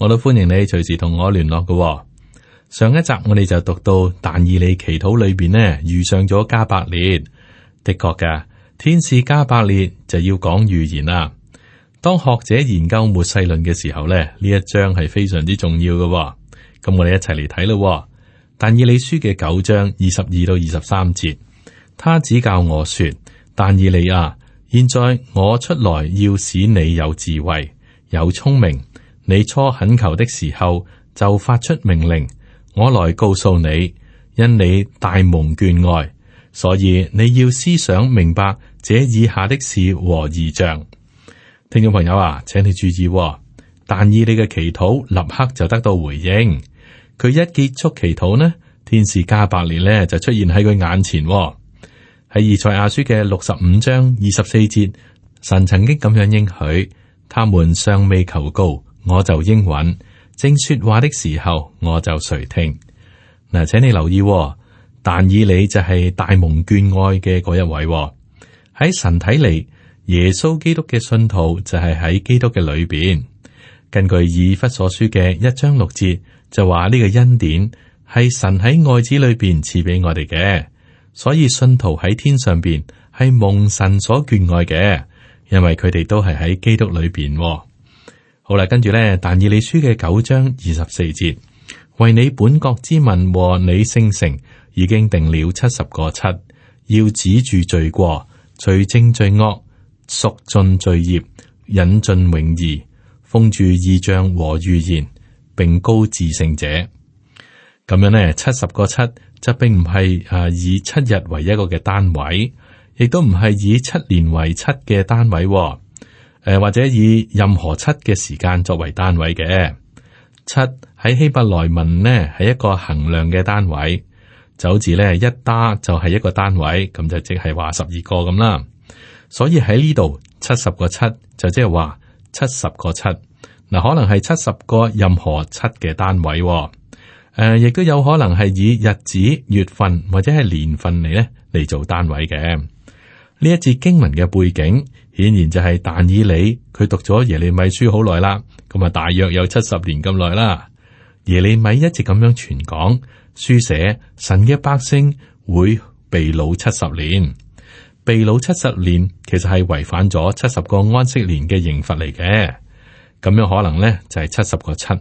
我都歡迎你隨時同我聯絡嘅、哦。上一集我哋就讀到但以理祈禱裏邊呢遇上咗加百列，的確嘅天使加百列就要講預言啦。當學者研究末世論嘅時候呢呢一章係非常之重要嘅、哦。咁我哋一齊嚟睇咯。但以理書嘅九章二十二到二十三節，他指教我說：但以理啊，現在我出來要使你有智慧，有聰明。你初懇求的時候就發出命令，我來告訴你，因你大蒙眷愛，所以你要思想明白這以下的事和異象。聽眾朋友啊，請你注意、哦，但以理嘅祈禱立刻就得到回應。佢一結束祈禱呢，天使加百列呢就出現喺佢眼前。喺以賽亞書嘅六十五章二十四節，神曾經咁樣應許，他們尚未求告，我就應允，正說話的時候，我就垂聽。嗱，請你留意、哦，但以理就係大蒙眷愛嘅嗰一位喎、哦。喺神睇嚟，耶穌基督嘅信徒就係喺基督嘅裏邊。根據以弗所書嘅一章六節，就話呢個恩典係神喺愛子裏邊賜俾我哋嘅。所以信徒喺天上邊係蒙神所眷愛嘅，因為佢哋都係喺基督裏邊、哦。好啦，跟住咧，《但以理書》嘅九章二十四節，為你本國之民和你聖城，已經定了七十個七，要止住罪過，除淨罪惡，贖盡罪孽，引進永義，封住異象和預言，並膏至聖者。咁樣咧，七十個七則並唔係啊以七日為一個嘅單位，亦都唔係以七年為七嘅單位，哦。誒，或者以任何七嘅時間作為單位嘅，七喺希伯來文呢係一個衡量嘅單位，就好似咧一打就係一個單位，咁就即係話十二個咁啦。所以喺呢度七十個七就即係話七十個七，嗱可能係七十個任何七嘅單位，誒、呃，亦都有可能係以日子、月份或者係年份嚟咧嚟做單位嘅。呢一節經文嘅背景，顯然就係但以理佢讀咗耶利米書好耐啦，咁啊大約有七十年咁耐啦。耶利米一直咁樣傳講書寫，神嘅百姓會被擄七十年，被擄七十年其實係違反咗七十個安息年嘅刑罰嚟嘅。咁樣可能呢，就係七十個七，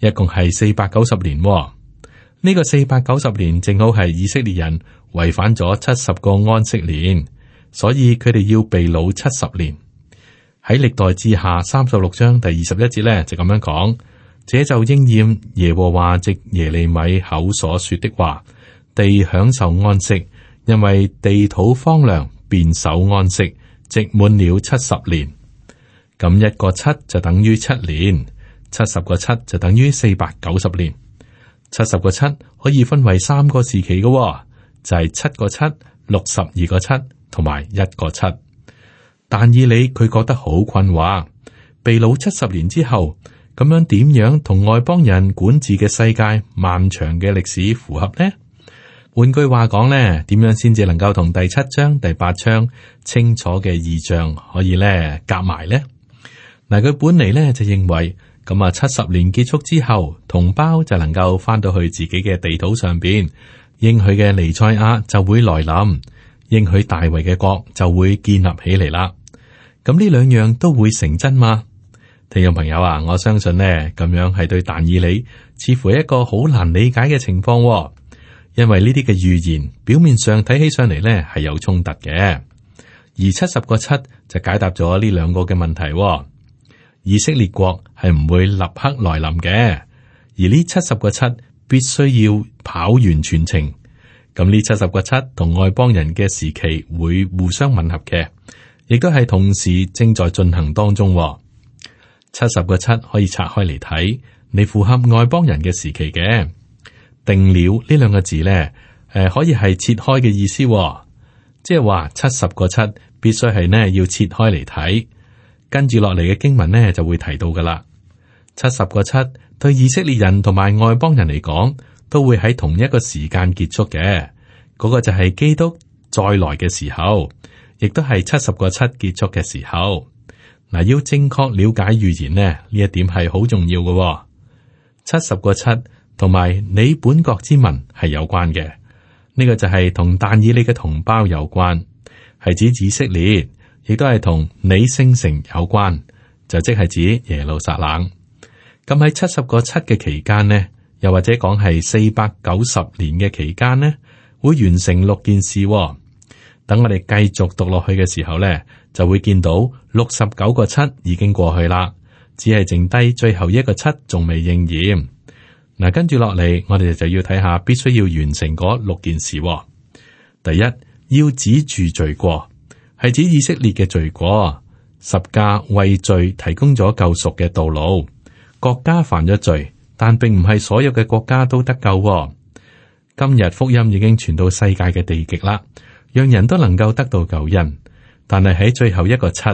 一共係四百九十年。呢個四百九十年正好係以色列人違反咗七十個安息年。所以佢哋要被擄七十年。喺歷代志下三十六章第二十一節呢，就咁樣講：這就應驗耶和華藉耶利米口所說的話，地享受安息，因為地土荒涼，便守安息，直滿了七十年。咁一個七就等於七年，七十個七就等於四百九十年。七十個七可以分為三個時期噶、哦，就係、是、七個七、六十二個七。同埋一個七，但以理佢覺得好困惑，被擄七十年之後咁樣點樣同外邦人管治嘅世界漫長嘅歷史符合呢？換句話講呢，點樣先至能夠同第七章、第八章清楚嘅異象可以呢夾埋呢？嗱，佢本嚟呢就認為咁啊，七十年結束之後，同胞就能夠翻到去自己嘅地土上邊，應許嘅尼賽亞就會來臨。應許大衛嘅國就會建立起嚟啦。咁呢兩樣都會成真嗎？聽眾朋友啊，我相信呢咁樣係對但以理似乎係一個好難理解嘅情況哦，因為呢啲嘅預言表面上睇起上嚟呢係有衝突嘅。而七十個七就解答咗呢兩個嘅問題哦。以色列國係唔會立刻來臨嘅，而呢七十個七必須要跑完全程。咁呢七十個七同外邦人嘅時期會互相吻合嘅，亦都係同時正在進行當中、哦。七十個七可以拆開嚟睇，你符合外邦人嘅時期嘅。定了呢兩個字咧，誒、呃，可以係切開嘅意思、哦，即係話七十個七必須係呢要切開嚟睇。跟住落嚟嘅經文咧就會提到噶啦，七十個七對以色列人同埋外邦人嚟講都會喺同一個時間結束嘅，嗰、那個就係基督再來嘅時候，亦都係七十個七結束嘅時候。嗱，要正確了解預言呢，呢一點係好重要嘅、哦。七十個七同埋你本國之民係有關嘅，呢、這個就係同但以理嘅同胞有關，係指以色列，亦都係同你聖城有關，就即係指耶路撒冷。咁喺七十個七嘅期間呢？又或者講係四百九十年嘅期間呢，會完成六件事、哦。等我哋繼續讀落去嘅時候呢，就會見到六十九個七已經過去啦，只係剩低最後一個七仲未應驗。嗱、啊，跟住落嚟，我哋就要睇下必須要完成嗰六件事、哦。第一，要止住罪過，係指以色列嘅罪過。十架為罪提供咗救贖嘅道路，國家犯咗罪。但並唔係所有嘅國家都得救、哦。今日福音已經傳到世界嘅地極啦，讓人都能夠得到救恩。但係喺最後一個七，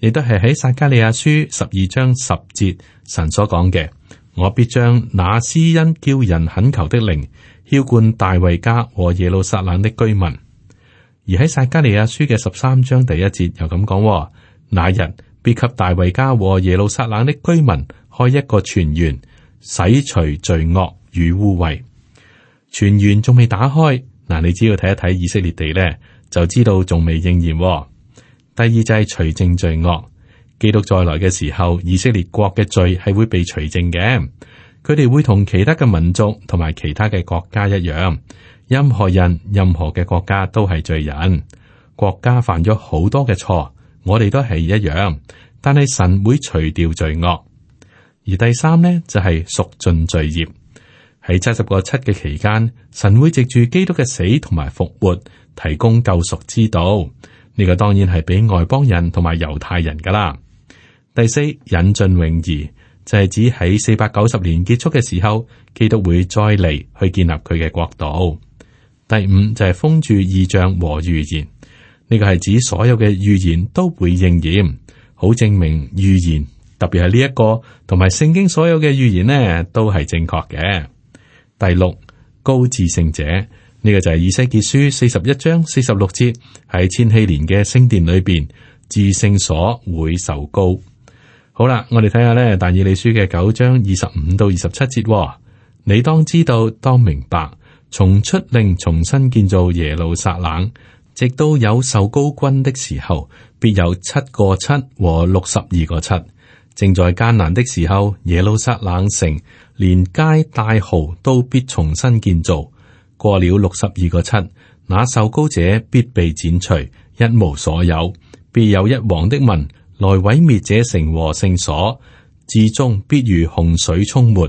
亦都係喺撒迦利亞書十二章十節神所講嘅：我必將那施恩叫人懇求的靈澆灌大衛家和耶路撒冷的居民。而喺撒迦利亞書嘅十三章第一節又咁講、哦：那日必給大衛家和耶路撒冷的居民開一個泉源。洗除罪惡與污穢，全員仲未打開。嗱，你只要睇一睇以色列地咧，就知道仲未應驗。第二就係除淨罪惡，基督再來嘅時候，以色列國嘅罪係會被除淨嘅。佢哋會同其他嘅民族同埋其他嘅國家一樣，任何人、任何嘅國家都係罪人，國家犯咗好多嘅錯，我哋都係一樣。但係神會除掉罪惡。而第三呢，就係贖盡罪孽，喺七十個七嘅期間，神會藉住基督嘅死同埋復活，提供救贖之道。呢、這個當然係俾外邦人同埋猶太人噶啦。第四，引進永義，就係、是、指喺四百九十年結束嘅時候，基督會再嚟去建立佢嘅國度。第五，就係、是、封住異象和預言，呢、這個係指所有嘅預言都會應驗，好證明預言。特別係呢一個，同埋聖經所有嘅預言呢，都係正確嘅。第六，高智聖者呢個就係以西結書四十一章四十六節，喺千禧年嘅聖殿裏邊，智聖所會受高。好啦，我哋睇下呢但以理書嘅九章二十五到二十七節。你當知道，當明白，從出令重新建造耶路撒冷，直到有受高君的時候，必有七個七和六十二個七。正在艱難的時候，耶路撒冷城連街帶濠都必重新建造。過了六十二個七，那受膏者必被剪除，一無所有；必有一王的民來毀滅這城和聖所，至終必如洪水沖沒。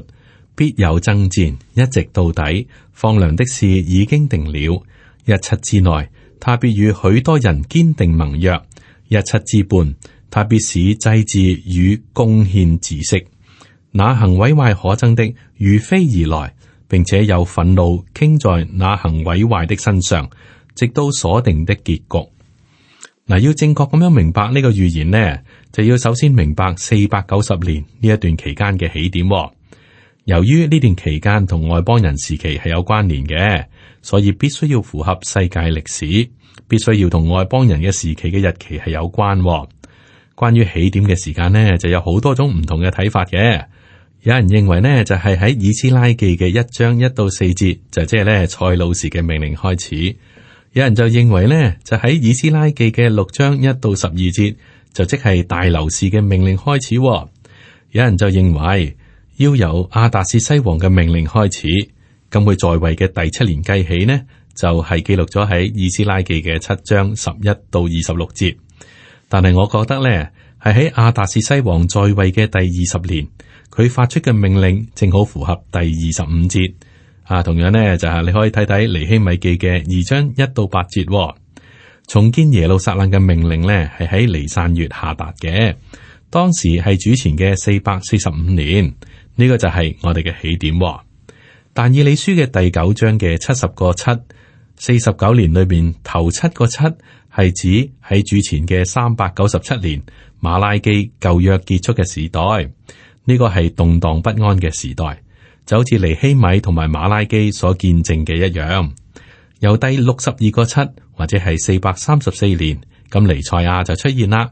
必有爭戰，一直到底。放糧的事已經定了，一七之內，他必與許多人堅定盟約；一七之半。特別是祭祀與供獻止息，那行毀壞可憎的如飛而來，並且有憤怒傾在那行毀壞的身上，直到所定的結局。嗱，要正確咁樣明白呢個預言呢，就要首先明白四百九十年呢一段期間嘅起點。由於呢段期間同外邦人時期係有關聯嘅，所以必須要符合世界歷史，必須要同外邦人嘅時期嘅日期係有關。關於起點嘅時間呢，就有好多種唔同嘅睇法嘅。有人認為呢，就係、是、喺以斯拉記嘅一章一到四節，就即係呢賽路士嘅命令開始；有人就認為呢，就喺以斯拉記嘅六章一到十二節，就即係大流士嘅命令開始；有人就認為要由亞達薛西王嘅命令開始，咁佢在位嘅第七年計起呢，就係、是、記錄咗喺以斯拉記嘅七章十一到二十六節。但係我覺得呢，係喺亞達士西王在位嘅第二十年，佢發出嘅命令正好符合第二十五節。啊，同樣呢，就係、是、你可以睇睇尼希米記嘅二章一到八節、哦，重建耶路撒冷嘅命令呢，係喺尼散月下達嘅，當時係主前嘅四百四十五年，呢、這個就係我哋嘅起點、哦。但以理書嘅第九章嘅七十個七四十九年裏面頭七個七。係指喺主前嘅三百九十七年，馬拉基舊約結束嘅時代，呢個係動盪不安嘅時代，就好似尼希米同埋馬拉基所見證嘅一樣。由第六十二個七或者係四百三十四年，咁尼賽亞就出現啦。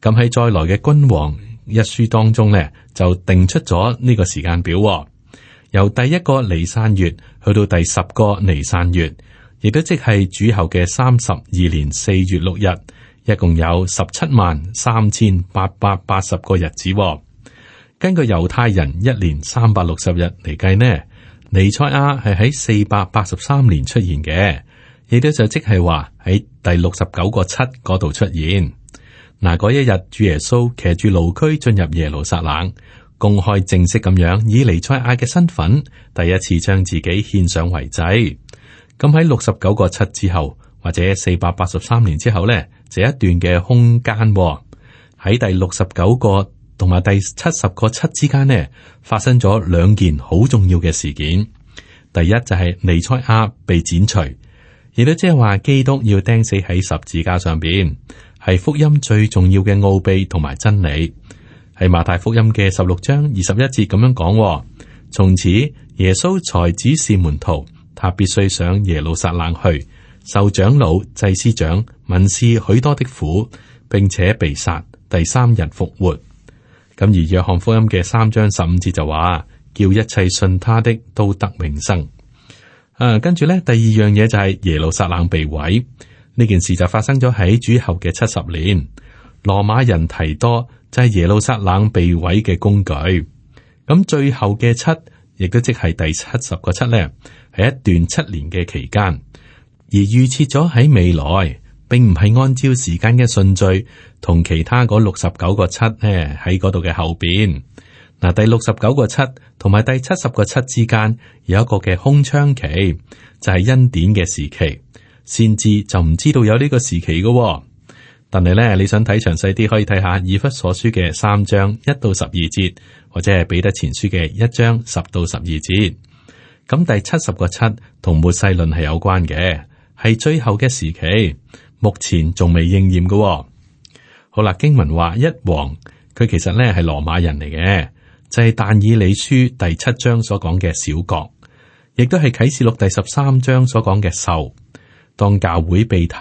咁喺再來嘅君王一書當中呢，就定出咗呢個時間表，哦，由第一個尼山月去到第十個尼山月。亦都即係主後嘅三十二年四月六日，一共有十七萬三千八百八十個日子，哦。根據猶太人一年三百六十日嚟計呢，彌賽亞係喺四百八十三年出現嘅，亦都就即係話喺第六十九個七嗰度出現。嗱，嗰一日主耶穌騎住驢駒進入耶路撒冷，公開正式咁樣以彌賽亞嘅身份，第一次將自己獻上為祭。咁喺六十九個七之後，或者四百八十三年之後呢，這一段嘅空間喺、哦、第六十九個同埋第七十個七之間呢，發生咗兩件好重要嘅事件。第一就係彌賽亞被剪除，亦都即係話基督要釘死喺十字架上邊，係福音最重要嘅奧秘同埋真理。喺馬太福音嘅十六章二十一節咁樣講、哦，從此耶穌才指示門徒。他必須上耶路撒冷去，受長老、祭司長、文士許多的苦，並且被殺，第三日復活。咁而約翰福音嘅三章十五節就話，叫一切信他的都得永生。啊，跟住咧，第二樣嘢就係耶路撒冷被毀呢件事就發生咗喺主後嘅七十年。羅馬人提多就係耶路撒冷被毀嘅工具。咁最後嘅七，亦都即係第七十個七咧。係一段七年嘅期間，而預設咗喺未來，並唔係按照時間嘅順序，同其他嗰六十九個七咧喺嗰度嘅後邊。嗱，第六十九個七同埋第七十個七之間有一個嘅空窗期，就係、是、恩典嘅時期。先知就唔知道有呢個時期嘅、哦，但係呢，你想睇詳細啲，可以睇下以弗所書嘅三章一到十二節，或者係彼得前書嘅一章十到十二節。咁第七十個七同末世論係有關嘅，係最後嘅時期，目前仲未應驗嘅、哦。好啦，經文話一王，佢其實咧係羅馬人嚟嘅，就係、是、但以理書第七章所講嘅小國，亦都係啟示錄第十三章所講嘅獸。當教會被提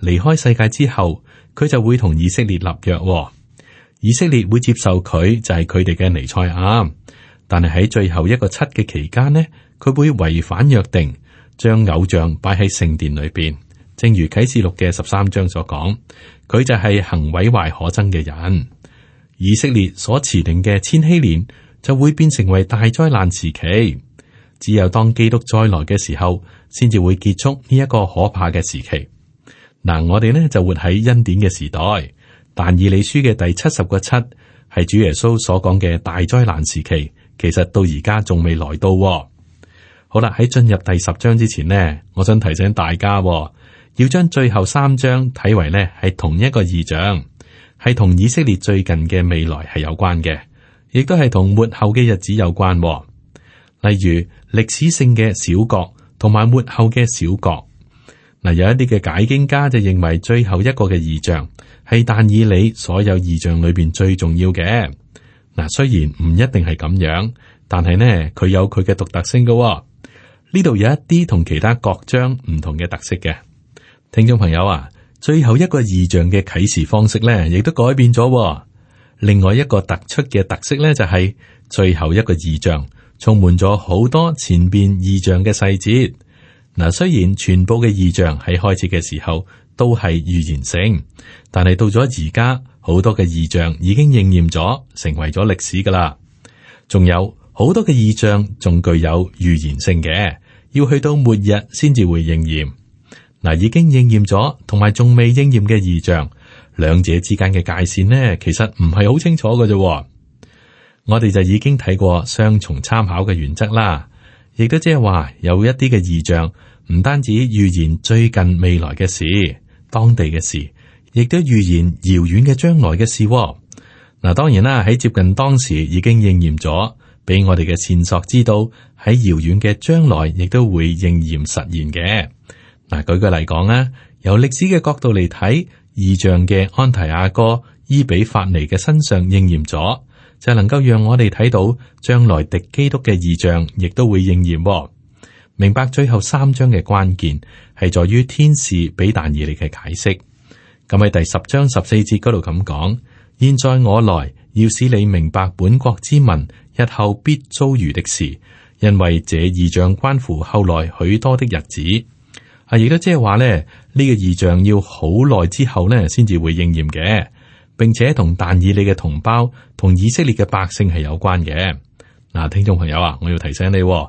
離開世界之後，佢就會同以色列立約、哦，以色列會接受佢就係佢哋嘅尼賽亞。但係喺最後一個七嘅期間呢，佢會違反約定，將偶像擺喺聖殿裏邊。正如啟示錄嘅十三章所講，佢就係行毀壞可憎嘅人。以色列所持定嘅千禧年就會變成為大災難時期。只有當基督再來嘅時候，先至會結束呢一個可怕嘅時期。嗱，我哋呢就活喺恩典嘅時代，但以理書嘅第七十個七係主耶穌所講嘅大災難時期。其實到而家仲未來到、哦，好啦！喺進入第十章之前呢，我想提醒大家、哦，要將最後三章睇為呢係同一個異象，係同以色列最近嘅未來係有關嘅，亦都係同末後嘅日子有關、哦。例如歷史性嘅小國同埋末後嘅小國嗱，有一啲嘅解經家就認為最後一個嘅異象係但以理所有異象裏邊最重要嘅。嗱，雖然唔一定係咁樣，但係呢佢有佢嘅獨特性噶、哦。呢度有一啲同其他各章唔同嘅特色嘅，聽眾朋友啊，最後一個異象嘅啟示方式呢，亦都改變咗、哦。另外一個突出嘅特色呢，就係、是、最後一個異象，充滿咗好多前面異象嘅細節。嗱，雖然全部嘅異象喺開始嘅時候都係預言性，但係到咗而家。好多嘅異象已經應驗咗，成為咗歷史噶啦。仲有好多嘅異象仲具有預言性嘅，要去到末日先至會應驗。嗱，已經應驗咗同埋仲未應驗嘅異象，兩者之間嘅界線呢，其實唔係好清楚㗎啫。我哋就已經睇過雙重參考嘅原則啦，亦都即係話有一啲嘅異象唔單止預言最近未來嘅事，當地嘅事。亦都預言遙遠嘅將來嘅事喎。嗱，當然啦，喺接近當時已經應驗咗，俾我哋嘅線索知道喺遙遠嘅將來亦都會應驗實現嘅。嗱，舉個例講啦，由歷史嘅角度嚟睇，異象嘅安提阿哥伊比法尼嘅身上應驗咗，就能夠讓我哋睇到將來敵基督嘅異象亦都會應驗。明白最後三章嘅關鍵係在於天使俾但以理嘅解釋。咁喺第十章十四節嗰度咁講，現在我來要使你明白本國之民日後必遭遇的事，因為這異象關乎後來許多的日子。啊，亦都即係話呢，呢、呢個異象要好耐之後呢先至會應驗嘅，並且同但以理嘅同胞同以色列嘅百姓係有關嘅。嗱、啊，聽眾朋友啊，我要提醒你、啊，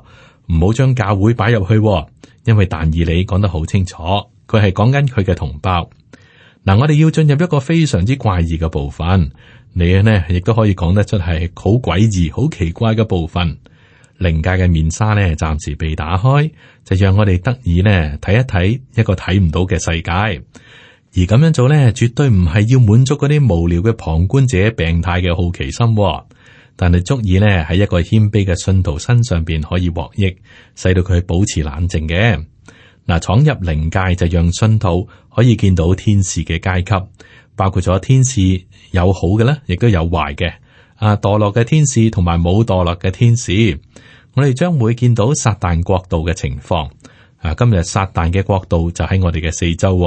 唔好將教會擺入去、啊，因為但以理講得好清楚，佢係講緊佢嘅同胞。嗱、啊，我哋要進入一個非常之怪異嘅部分，你呢亦都可以講得出係好詭異、好奇怪嘅部分。靈界嘅面紗呢，暫時被打開，就讓我哋得以呢睇一睇一個睇唔到嘅世界。而咁樣做呢，絕對唔係要滿足嗰啲無聊嘅旁觀者病態嘅好奇心，但係足以呢喺一個謙卑嘅信徒身上邊可以獲益，使到佢保持冷靜嘅。嗱，闖入靈界就讓信徒可以見到天使嘅階級，包括咗天使有好嘅咧，亦都有壞嘅。啊，墮落嘅天使同埋冇墮落嘅天使，我哋將會見到撒旦國度嘅情況。啊，今日撒旦嘅國度就喺我哋嘅四周，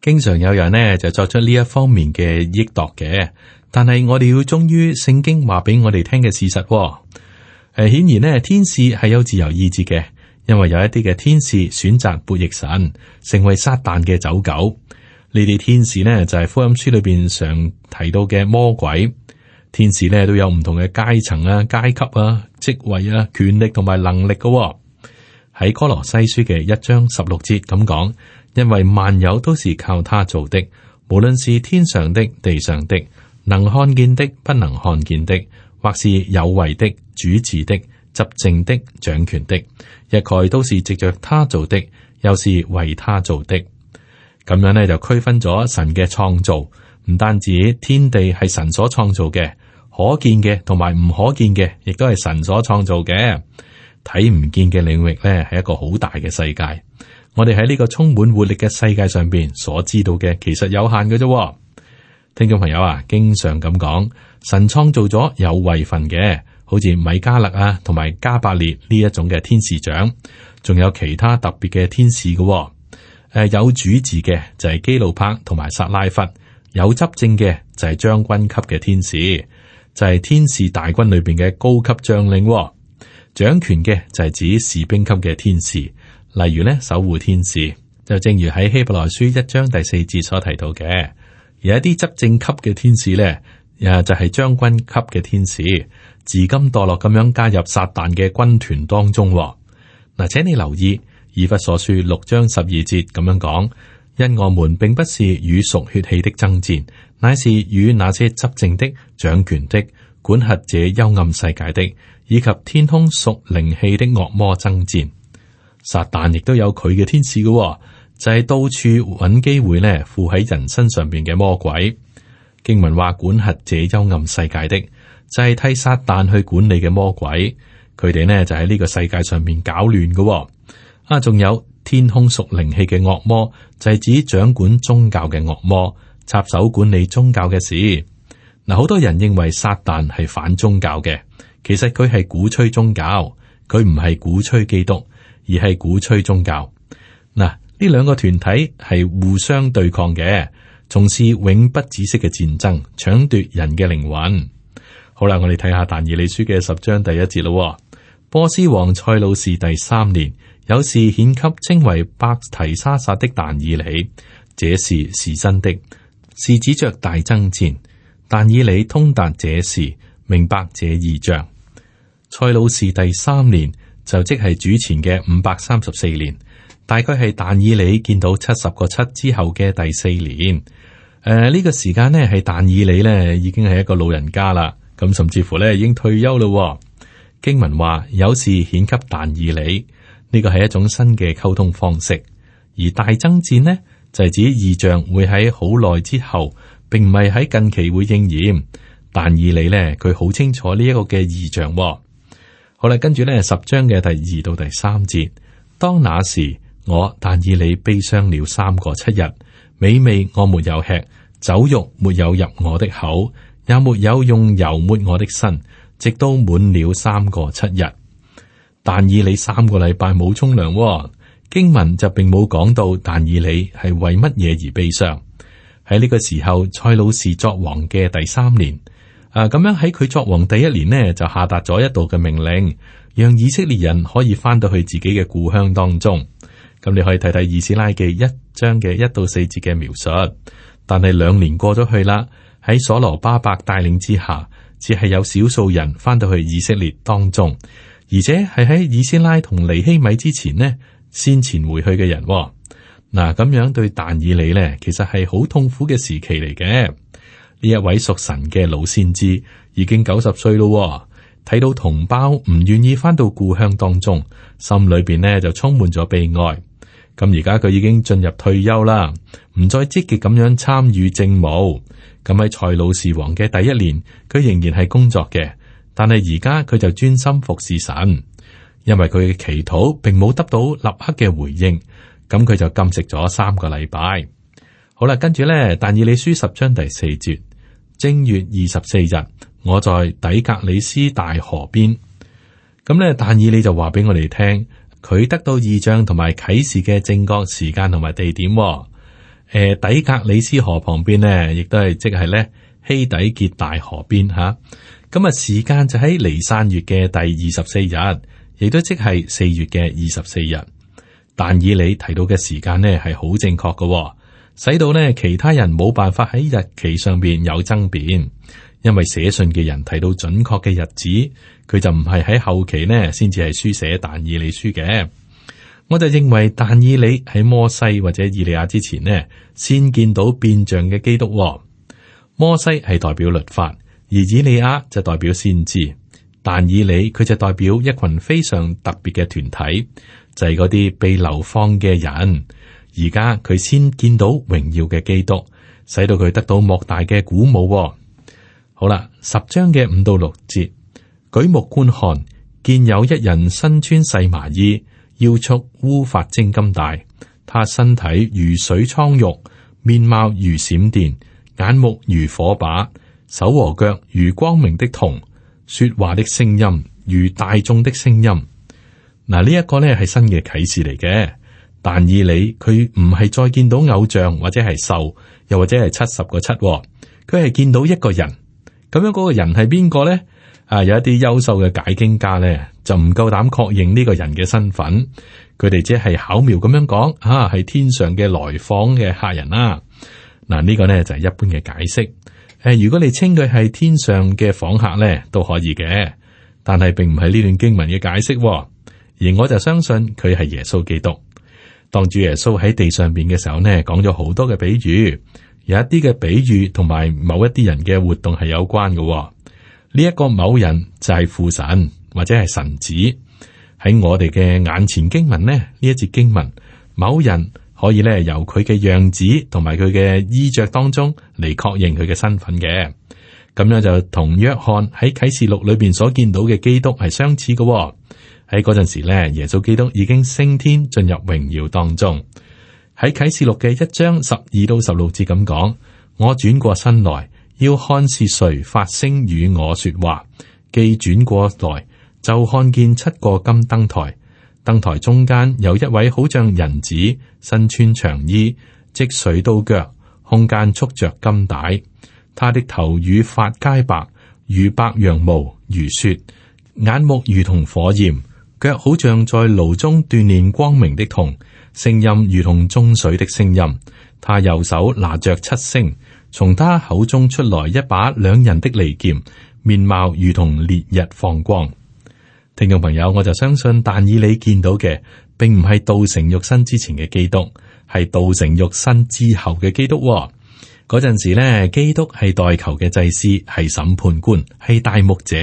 經常有人呢就作出呢一方面嘅臆度嘅。但係我哋要忠於聖經話俾我哋聽嘅事實，誒，顯然呢，天使係有自由意志嘅。因為有一啲嘅天使選擇悖逆神，成為撒旦嘅走狗。呢啲天使呢，就係、是、福音書裏邊常提到嘅魔鬼。天使呢，都有唔同嘅階層啊、階級啊、職位啊、權力同埋能力嘅、哦。喺哥羅西書嘅一章十六節咁講，因為萬有都是靠他做的，無論是天上的、地上的，能看見的、不能看見的，或是有位的、主治的。執政的、掌權的，一概都是藉着他做的，又是為他做的。咁樣呢，就區分咗神嘅創造，唔單止天地係神所創造嘅，可見嘅同埋唔可見嘅，亦都係神所創造嘅。睇唔見嘅領域呢，係一個好大嘅世界。我哋喺呢個充滿活力嘅世界上邊所知道嘅，其實有限嘅啫。聽眾朋友啊，經常咁講，神創造咗有位份嘅。好似米迦勒啊，同埋加百列呢一種嘅天使長，仲有其他特別嘅天使嘅，誒，有主治嘅就係基路伯同埋撒拉弗，有執政嘅就係將軍級嘅天使，就係、是、天使大軍裏邊嘅高級將領、哦，掌權嘅就係指士兵級嘅天使，例如咧守護天使，就正如喺希伯來書一章第四節所提到嘅，而一啲執政級嘅天使咧。誒，也就係將軍級嘅天使，至今墮落咁樣加入撒旦嘅軍團當中，哦。嗱，請你留意《以弗所書》六章十二節咁樣講：因我們並不是與屬血氣的爭戰，乃是與那些執政的、掌權的、管轄者、幽暗世界的，以及天空屬靈氣的惡魔爭戰。撒旦亦都有佢嘅天使嘅，哦，就係、是、到處揾機會呢，附喺人身上邊嘅魔鬼。經文話管轄者幽暗世界的，就係替撒旦去管理嘅魔鬼，佢哋呢就喺呢個世界上面搞亂嘅、哦。啊，仲有天空屬靈氣嘅惡魔，就係指掌管宗教嘅惡魔插手管理宗教嘅事。嗱，好多人認為撒旦係反宗教嘅，其實佢係鼓吹宗教，佢唔係鼓吹基督，而係鼓吹宗教。嗱，呢兩個團體係互相對抗嘅。從事永不止息嘅戰爭，搶奪人嘅靈魂。好啦，我哋睇下但以理書嘅十章第一節啦。波斯王塞魯士第三年，有事顯給稱為白提沙撒的但以理，這事是真的，是指着大爭戰。但以理通達這事，明白這異象。塞魯士第三年就即係主前嘅五百三十四年。大概係但以理見到七十個七之後嘅第四年。誒、呃、呢、這個時間呢係但以理咧已經係一個老人家啦，咁甚至乎呢已經退休咯、哦。經文話有事顯給但以理呢、這個係一種新嘅溝通方式，而大征戰呢就係、是、指異象會喺好耐之後，並唔係喺近期會應驗。但以理呢，佢好清楚呢一個嘅異象、哦。好啦，跟住呢十章嘅第二到第三節，當那時。我但以理悲傷了三個七日，美味我沒有吃，酒肉沒有入我的口，也沒有用油抹我的身，直到滿了三個七日。但以理三個禮拜冇沖涼喎，經文就並冇講到。但以理係為乜嘢而悲傷？喺呢個時候，塞魯士作王嘅第三年，啊咁樣喺佢作王第一年呢就下達咗一道嘅命令，讓以色列人可以翻到去自己嘅故鄉當中。咁你可以睇睇《以斯拉記》一章嘅一到四節嘅描述。但係兩年過咗去啦，喺所羅巴伯帶領之下，只係有少數人翻到去以色列當中，而且係喺以斯拉同尼希米之前呢，先前回去嘅人嗱、哦。咁、啊、樣對但以理呢，其實係好痛苦嘅時期嚟嘅。呢一位屬神嘅老先知已經九十歲咯、哦，睇到同胞唔願意翻到故鄉當中，心裏邊呢就充滿咗悲哀。咁而家佢已經進入退休啦，唔再積極咁樣參與政務。咁喺塞魯士王嘅第一年，佢仍然係工作嘅，但係而家佢就專心服侍神，因為佢嘅祈禱並冇得到立刻嘅回應，咁佢就禁食咗三個禮拜。好啦，跟住咧，但以理書十章第四節，正月二十四日，我在底格里斯大河邊。咁咧，但以理就話俾我哋聽。佢得到異象同埋啟示嘅正確時間同埋地點，哦，誒、呃、底格里斯河旁邊呢，亦都係即係咧希底結大河邊嚇。咁啊，時間就喺尼散月嘅第二十四日，亦都即係四月嘅二十四日。但以理提到嘅時間呢，係好正確嘅，哦，使到呢其他人冇辦法喺日期上面有爭辯，因為寫信嘅人提到準確嘅日子。佢就唔係喺後期咧，先至係書寫但以理書嘅。我就認為但以理喺摩西或者以利亞之前咧，先見到變象嘅基督，哦。摩西係代表律法，而以利亞就代表先知。但以理佢就代表一群非常特別嘅團體，就係嗰啲被流放嘅人。而家佢先見到榮耀嘅基督，使到佢得到莫大嘅鼓舞。好啦，十章嘅五到六節。舉目觀看，見有一人身穿細麻衣，腰束烏法，精金帶。他身體如水蒼玉，面貌如閃電，眼目如火把，手和腳如光明的銅。說話的聲音如大眾的聲音。嗱，呢一個呢係新嘅啟示嚟嘅，但以理佢唔係再見到偶像或者係獸，又或者係七十個七，佢係見到一個人咁樣。嗰個人係邊個呢？啊，有一啲優秀嘅解經家咧，就唔夠膽確認呢個人嘅身份，佢哋只係巧妙咁樣講，吓、啊，係天上嘅來訪嘅客人啦、啊。嗱、啊、呢、這個呢就係、是、一般嘅解釋。誒、啊，如果你稱佢係天上嘅訪客呢，都可以嘅，但係並唔係呢段經文嘅解釋、哦。而我就相信佢係耶穌基督。當主耶穌喺地上邊嘅時候呢，講咗好多嘅比喻，有一啲嘅比喻同埋某一啲人嘅活動係有關嘅、哦。呢一個某人就係父神或者係神子，喺我哋嘅眼前經文呢？呢一節經文，某人可以咧由佢嘅樣子同埋佢嘅衣着當中嚟確認佢嘅身份嘅。咁樣就同約翰喺啟示錄裏邊所見到嘅基督係相似嘅，哦。喺嗰陣時咧，耶穌基督已經升天進入榮耀當中。喺啟示錄嘅一章十二到十六節咁講，我轉過身來。要看是誰發聲與我說話，既轉過來就看見七個金燈台，燈台中間有一位好像人子，身穿長衣，直垂到腳，胸間束着金帶，他的頭與髮皆白，如白羊毛，如雪，眼目如同火焰，腳好像在爐中鍛煉光明的銅，聲音如同眾水的聲音，他右手拿着七星。從他口中出來一把兩人的利劍，面貌如同烈日放光。聽眾朋友，我就相信，但以你見到嘅，並唔係道成肉身之前嘅基督，係道成肉身之後嘅基督哦。嗰陣時呢，基督係代求嘅祭司，係審判官，係大牧者。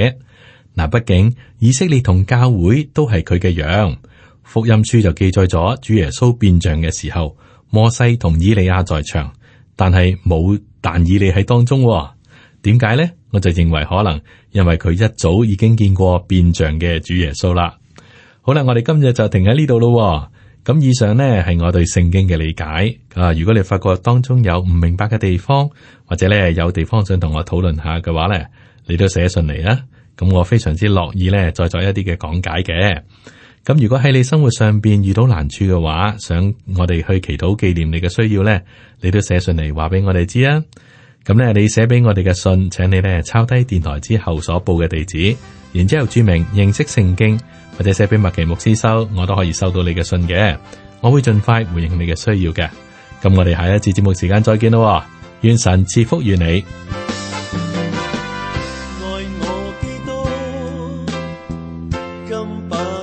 嗱，畢竟以色列同教會都係佢嘅樣。福音書就記載咗主耶穌變像嘅時候，摩西同以利亞在場。但係冇，但以理喺當中，哦，點解呢？我就認為可能因為佢一早已經見過變像嘅主耶穌啦。好啦，我哋今日就停喺呢度咯。咁以上呢係我對聖經嘅理解啊。如果你發覺當中有唔明白嘅地方，或者咧有地方想同我討論下嘅話呢，你都寫信嚟啦。咁我非常之樂意咧，再做一啲嘅講解嘅。咁如果喺你生活上邊遇到難處嘅話，想我哋去祈禱紀念你嘅需要呢？你都寫信嚟，話俾我哋知啊。咁呢，你寫俾我哋嘅信，請你呢抄低電台之後所報嘅地址，然之後注明認識聖經或者寫俾麥其牧師收，我都可以收到你嘅信嘅。我會盡快回應你嘅需要嘅。咁我哋下一次節目時間再見咯。願神賜福與你。愛我